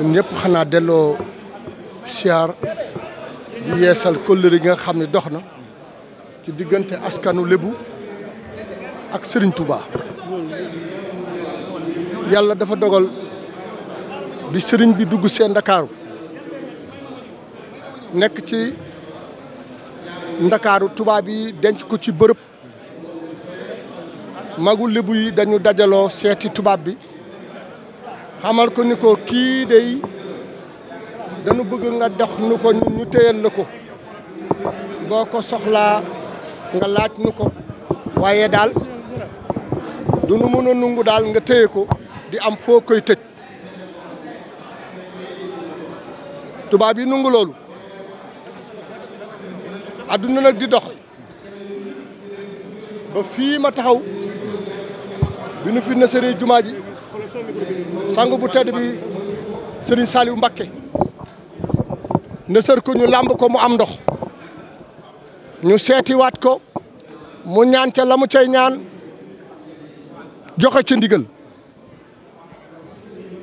ñun ñëpp xanaa delloo siyaar di yeesal kóllëre nga xam ne dox na ci diggante askanu lébu ak sëriñ Touba yàlla dafa dogal bi sëriñ bi dugg see ndakaaru nekk ci ndakaaru tubaab yi denc ko ci bërëb magu lébu yi dañu dajaloo seeti tubaab bi xamal ko ni ko kii dey dañu bëgg nga dox nu ko ñun ñu téyal la ko boo ko soxlaa nga laaj nu ko waaye daal du nu mën a nungu daal nga téye ko di am foo koy tëj tubaab yi nungu loolu adduna nag di dox ba fii ma taxaw bi nu fi nasaree jumaa ji sangu bu tedd bi Serigne Saliou mbakke ne sër ko ñu làmb ko mu am ndox ñu seetiwaat ko mu ñaan ca la cay ñaan joxe ca ndigal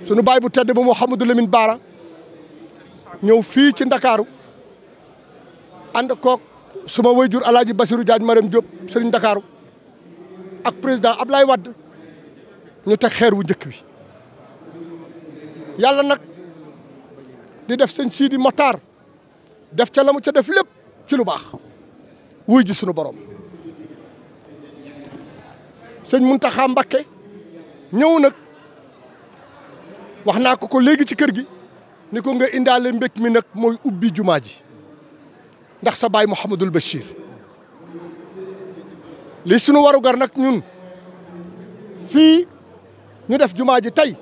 sunu baay bu tedd ba Mouhamadou Lamine Bara ñëw fii ci Ndakaaru ànd koog suma wayjur Alaaji Basiru Jaaj Maram Diop Serigne Ndakaaru ak président ab Ablaye Wade ñu teg xeer wu njëkk bi yàlla nag di def sëñ Sidi Matar def ca la mu ca def lépp ci lu baax wuy ji sunu borom sëñ Muntaxa Mbakke ñëw nag wax naa ko ko léegi ci kër gi ni ko nga indaale mbég mi nag mooy ubbi jumaa ji ndax sa baay Mouhamadul Bachir li sunu warugar nag ñun fii ñu def juma ji tay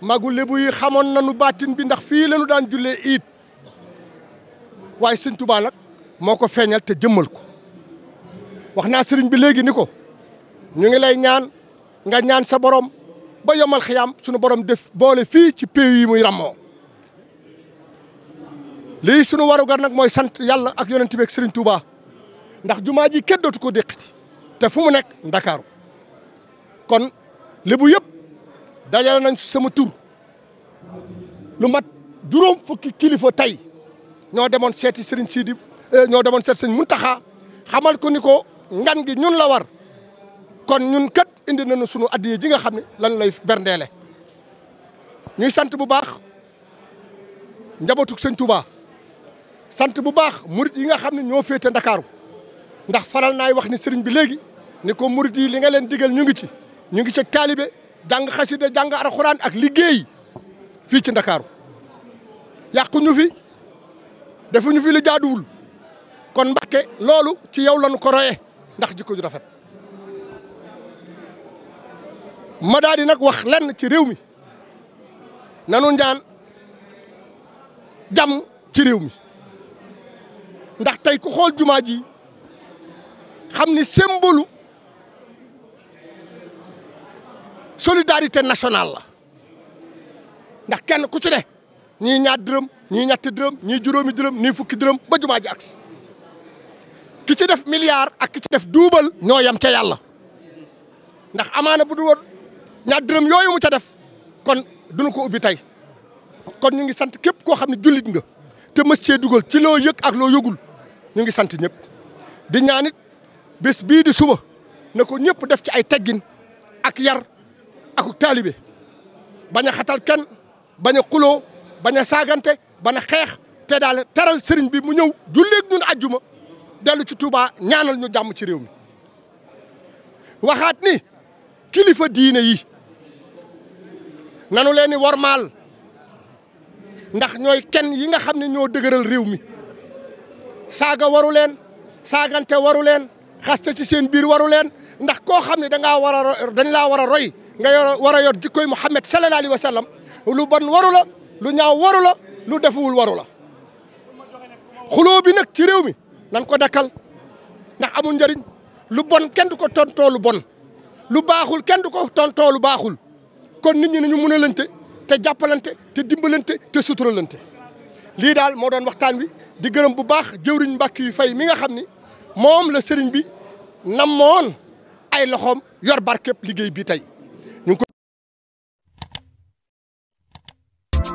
magu lébu yi xamoon nañu batine bi ndax fi lañu daan julé iit way sëñ touba nak moko feñal te jëmmal ko waxna naa bi léegi niko ñu ngi lay ñaan nga ñaan sa borom ba yomal xiyam suñu borom def boole fi ci pays yi muy ramo li suñu waru gar nak moy sante yalla ak yonenti bek ak touba ndax juma ji kenn dootu ko dekkati te fu mu nekk ndakaaru kon lébu yep dajal nañ sama tour lu mat juróom fukki kilifa tay ño demone setti Serigne Sidi eh, ño demone set Serigne Mountakha xamal ko niko ngan gi ñun la war kon ñun kat indi nañu suñu addu ji nga xamni lan lay berndele ñuy sante bu baax njabotuk serigne Touba sante bu baax murit yi nga xamni ño ñoo féete ndax faral nay wax ni Serigne bi legi niko mourid murit yi li nga len digal ñu ngi ci ñu ngi ca taalibe jàng xasida jàng alxuraan ak liggéey fii ci ndakaaru yàquñu fi defuñu fi lu jaaduwul kon Mbàkke loolu ci yow lañu ko roye ndax jikko ju rafet ma nag wax lenn ci réew mi nanu ñaan jàmm ci réew mi ndax tey ku xool jumaa ji xam ni sembolu solidarité nationale la ndax kenn ku ci ne ñii ñaar dërëm ñii ñetti dërëm ñii juróomi dërëm ñii fukki dërëm ba jumaa ji agsi ki ci def milliard ak ki ci def duubal ñoo yem ca yàlla ndax amaana bu du woon ñaar dërëm yooyu mu ca def kon duñu ko ubbi tey kon ñu ngi sant képp koo xam ne jullit nga te mës dugal ci loo yëg ak loo yëgul ñu ngi sant ñëpp di ñaanit bés bii di suba na ko ñëpp def ci ay teggin ak yar akuk taalibe bañ a xatal kenn bañ a xuloo bañ a saagante bañ xeex te daal teral sëriñ bi mu ñëw julleeg ñun ajjuma dellu ci tuuba ñaanal ñu jàmm ci réew mi waxaat ni kilifa diine yi nanu leen di wormaal ndax ñooy kenn yi nga xam ne ñoo dëgëral réew mi saaga waru leen saagante waru leen xaste ci seen biir waru leen ndax koo xam ne danga war a dañ laa war a roy nga wara yor jikko Muhammad sallallahu alaihi wasallam lu ban waru la lu ñaaw waru la lu deful waru la xuloo bi nak ci réew mi nan ko dakal ndax amul ndariñ lu bon kenn du ko tontoo lu bon lu baxul kenn du ko tontoo lu baxul kon nit ñi ñu mëna leunte te jàppalante te dimbalante te suturalante li dal mo doon waxtaan wi di gëreem bu baax jeewriñ mbàkk yu fay mi nga xamni mom la serigne bi namoon ay loxom yor barkep ligey bi tay